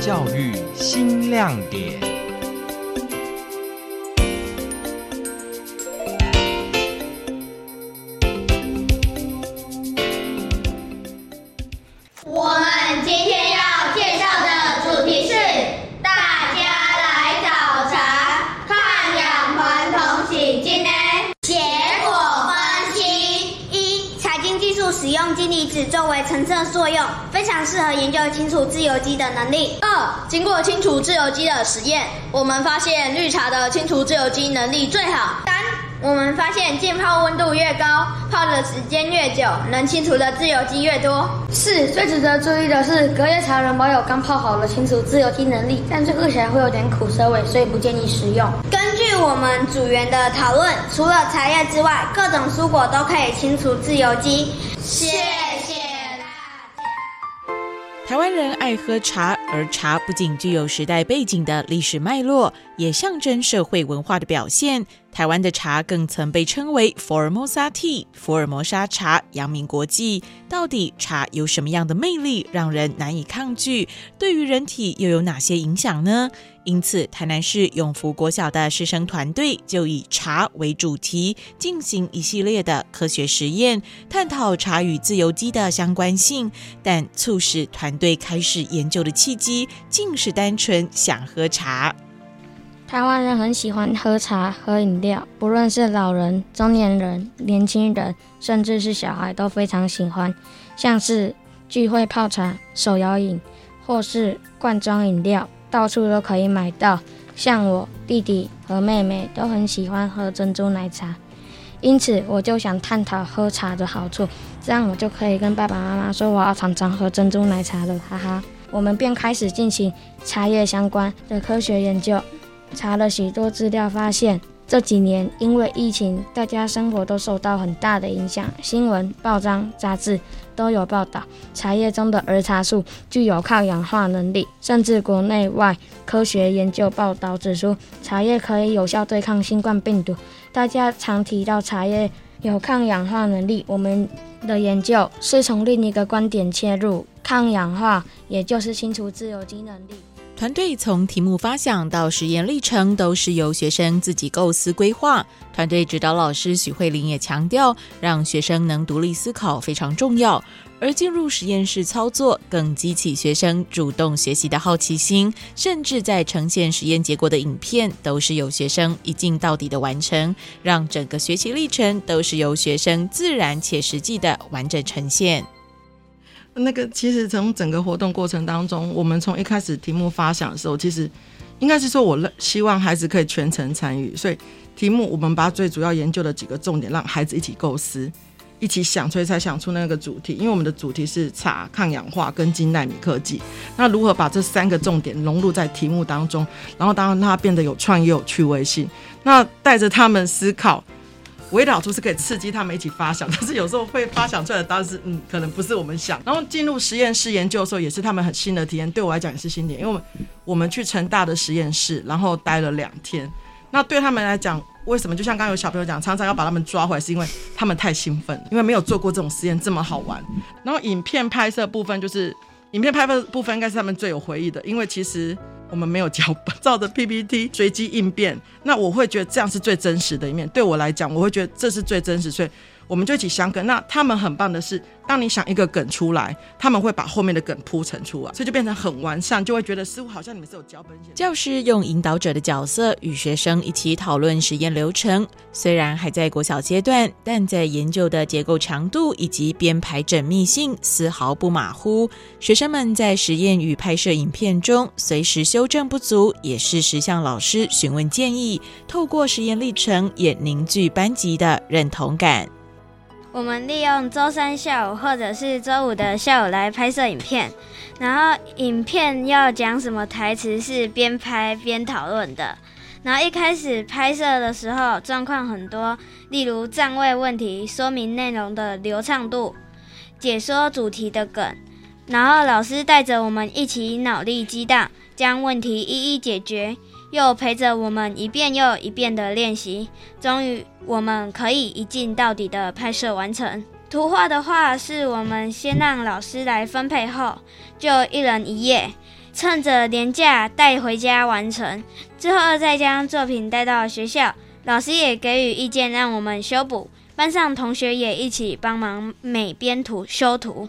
教育新亮點。呈色作用非常適合研究清除自由基的能力。二，經過清除自由基的實驗，我們發現綠茶的清除自由基能力最好。三，我們發現浸泡溫度越高，泡的時間越久，能清除的自由基越多。四，最值得注意的是，隔夜茶仍保有剛泡好的清除自由基能力，但這喝起來會有點苦澀味，所以不建議食用。根據我們組員的討論，除了茶葉之外，各種蔬果都可以清除自由基。謝。台灣人愛喝茶，而茶不僅具有時代背景的歷史脈絡，也象徵社會文化的表現。台灣的茶更曾被稱為“福爾摩沙 tea”、“福爾摩沙茶”，揚名國際。到底茶有什麼樣的魅力，讓人難以抗拒？對於人體又有哪些影響呢？因此，台南市永福國小的師生團隊就以茶為主題，進行一系列的科學實驗，探討茶與自由基的相關性。但促使團隊開始研究的契機，竟是單純想喝茶。台灣人很喜歡喝茶、喝飲料，不論是老人、中年人、年輕人，甚至是小孩都非常喜歡。像是聚會泡茶、手搖飲，或是罐裝飲料，到處都可以買到。像我弟弟和妹妹都很喜歡喝珍珠奶茶，因此我就想探討喝茶的好處，這樣我就可以跟爸爸媽媽說我要常常喝珍珠奶茶了，哈哈。我們便開始進行茶葉相關的科學研究。查了許多資料，發現這幾年因為疫情，大家生活都受到很大的影響。新聞、報章、雜誌都有報道，茶葉中的兒茶素具有抗氧化能力，甚至國內外科學研究報道指出，茶葉可以有效對抗新冠病毒。大家常提到茶葉有抗氧化能力，我們的研究是從另一個觀點切入，抗氧化也就是清除自由基能力。團隊從題目發想到實驗歷程都是由學生自己構思規劃。團隊指導老師許惠琳也強調，讓學生能獨立思考非常重要。而進入實驗室操作，更激起學生主動學習的好奇心。甚至在呈現實驗結果的影片，都是由學生一鏡到底的完成，讓整個學習歷程都是由學生自然且實際的完整呈現。那個其實從整個活動過程當中，我們從一開始題目發想的時候，其實應該是說我樂希望孩子可以全程參與，所以題目我們把最主要研究的幾個重點讓孩子一起構思、一起想，所以才想出那個主題。因為我們的主題是茶抗氧化跟金奈米科技，那如何把這三個重點融入在題目當中，然後當然讓它變得有創意、有趣味性，那帶着他們思考。唯一的好處是可以刺激他們一起發想，但是有時候會發想出來的，答案是嗯，可能不是我們想。然後進入實驗室研究的時候，也是他們很新的體驗，對我來講也是新的。因為我們我們去成大的實驗室，然後待了兩天。那對他們來講，為什麼就像剛剛有小朋友講，常常要把他們抓回來，是因為他們太興奮了，因為沒有做過這種實驗這麼好玩。然後影片拍攝部分，就是影片拍攝部分應該是他們最有回憶的，因為其實。我們沒有腳本，照着 PPT 隨機應變，那我會覺得這樣是最真實的一面。對我來講，我會覺得這是最真實，所以。我們就一起想梗，那他們很棒的是，當你想一個梗出來，他們會把後面的梗鋪陳出來，所以就變成很完善，就會覺得似乎好像你們是有腳本。教師用引導者的角色與學生一起討論實驗流程，雖然還在國小階段，但在研究的結構長度以及編排縝密性絲毫不馬虎。學生們在實驗與拍攝影片中隨時修正不足，也適時向老師詢問建議。透過實驗歷程，也凝聚班級的認同感。我們利用周三下午或者是周五的下午來拍攝影片，然後影片要講什麼台詞是邊拍邊討論的。然後一開始拍攝的時候狀況很多，例如站位問題、說明內容的流暢度、解說主題的梗，然後老師帶着我們一起腦力激盪，將問題一一解決。又陪着我們一遍又一遍的練習，終於我們可以一鏡到底的拍攝完成。圖畫的話，是我們先讓老師來分配後，就一人一頁，趁着年假帶回家完成，之後再將作品帶到學校，老師也給予意見，讓我們修補。班上同學也一起幫忙美編圖、修圖。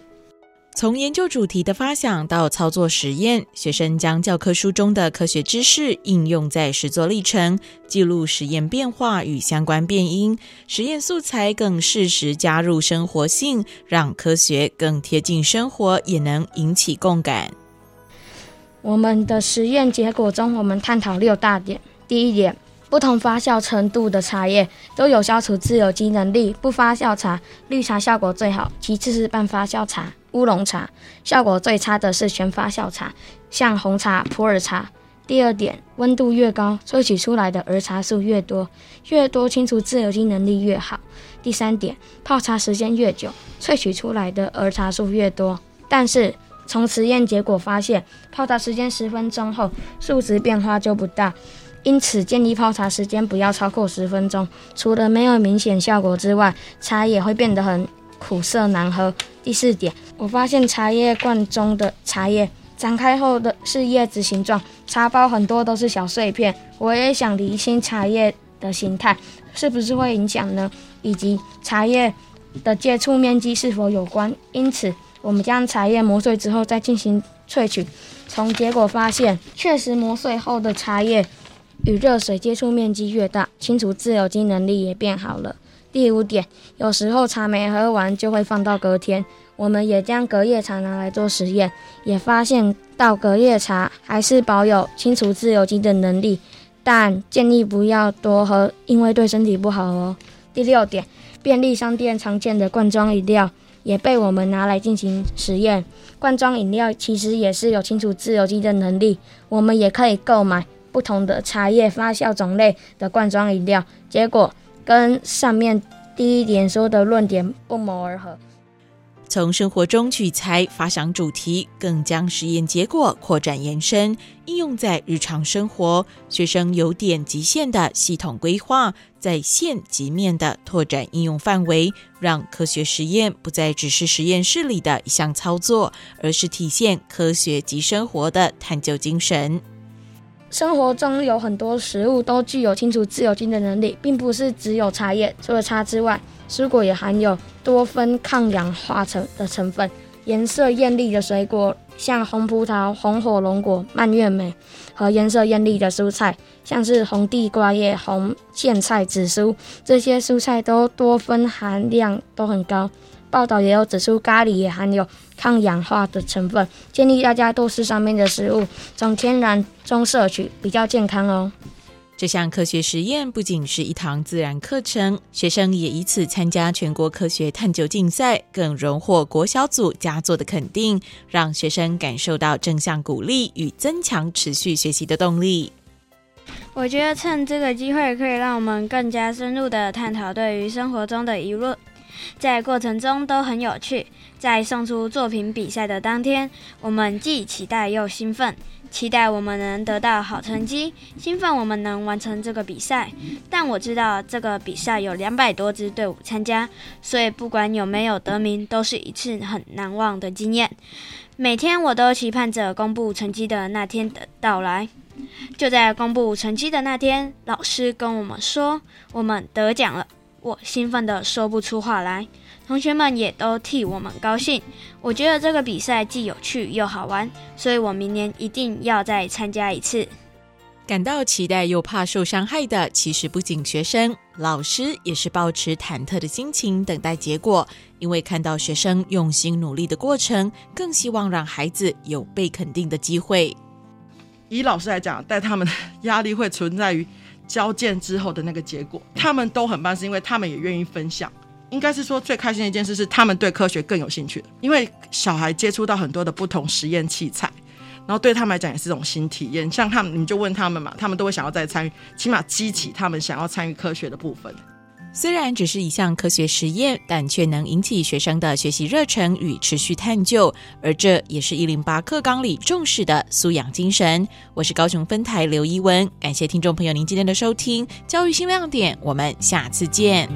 從研究主題的發想到操作實驗，學生將教科書中的科學知識應用在實作歷程，記錄實驗變化與相關變因，實驗素材更適時加入生活性，讓科學更貼近生活，也能引起共感。我們的實驗結果中，我們探討六大點。第一點，不同發酵程度的茶葉都有消除自由基能力，不發酵茶、綠茶效果最好，其次是半發酵茶。烏龍茶，效果最差的是全發酵茶，像紅茶、普洱茶。第二點，溫度越高，萃取出來的兒茶素越多，越多清除自由基能力越好。第三點，泡茶時間越久，萃取出來的兒茶素越多。但是從實驗結果發現，泡茶時間十分鐘後，數值變化就不大。因此建議泡茶時間不要超過十分鐘，除了沒有明顯效果之外，茶也會變得很苦澀難喝。第四點，我發現茶葉罐中的茶葉展開後的是葉子形狀，茶包很多都是小碎片。我也想理清茶葉的形態，是不是會影響呢？以及茶葉的接觸面積是否有關？因此，我們將茶葉磨碎之後再進行萃取。從結果發現，確實磨碎後的茶葉與熱水接觸面積越大，清除自由基能力也變好了。第五點，有時候茶沒喝完就會放到隔天，我們也將隔夜茶拿來做實驗，也發現到隔夜茶還是保有清除自由基的能力，但建議不要多喝，因為對身體不好哦。第六點，便利商店常見的罐裝飲料也被我們拿來進行實驗，罐裝飲料其實也是有清除自由基的能力，我們也可以購買不同的茶葉發酵種類的罐裝飲料，結果，跟上面第一點說的論點不謀而合。從生活中取材，發想主題，更將實驗結果擴展延伸，應用在日常生活。學生由點及線的系統規劃，再線及面的拓展應用範圍，讓科學實驗不再只是實驗室裡的一項操作，而是體現科學及生活的探究精神。生活中有很多食物都具有清除自由基的能力，並不是只有茶葉。除了茶之外，蔬果也含有多酚抗氧化成的成分。顏色豔麗的水果，像紅葡萄、紅火龍果、蔓越莓，和顏色豔麗的蔬菜，像是紅地瓜葉、紅莧菜、紫蘇，這些蔬菜都多酚含量都很高。報道也有指出，咖喱也含有抗氧化的成分，建議大家多吃上面的食物，從天然中攝取，比較健康哦。這項科學實驗不僅是一堂自然課程，學生也以此參加全國科學探究競賽，更榮獲國小組佳作的肯定，讓學生感受到正向鼓勵與增強持續學習的動力。我覺得趁這個機會，可以讓我們更加深入地探討對於生活中的疑問。在過程中都很有趣。在送出作品比賽的當天，我們既期待又興奮，期待我們能得到好成績，興奮我們能完成這個比賽。但我知道這個比賽有兩百多支隊伍參加，所以不管有沒有得名，都是一次很難忘的經驗。每天我都期盼着公布成績的那天的到來。就在公布成績的那天，老師跟我們說，我們得獎了。我興奮的說不出話來，同學們也都替我們高興。我覺得這個比賽既有趣又好玩，所以我明年一定要再參加一次。感到期待又怕受傷害的，其實不僅學生，老師也是抱持忐忑的心情等待結果，因為看到學生用心努力的過程，更希望讓孩子有被肯定的機會。以老師來講，帶他們的壓力會存在於。交件之後的那個結果，他們都很棒，是因為他們也願意分享。應該是說最開心的一件事是，他們對科學更有興趣，因為小孩接觸到很多的不同實驗器材，然後對他們來講也是一種新體驗。像他們，你就問他們嘛，他們都會想要再參與，起碼激起他們想要參與科學的部分。雖然只是一項科學實驗，但卻能引起學生的學習熱忱與持續探究，而這也是一零八課綱裡重視的素養精神。我是高雄分台劉一文，感謝聽眾朋友您今天的收聽，教育新亮點，我們下次見。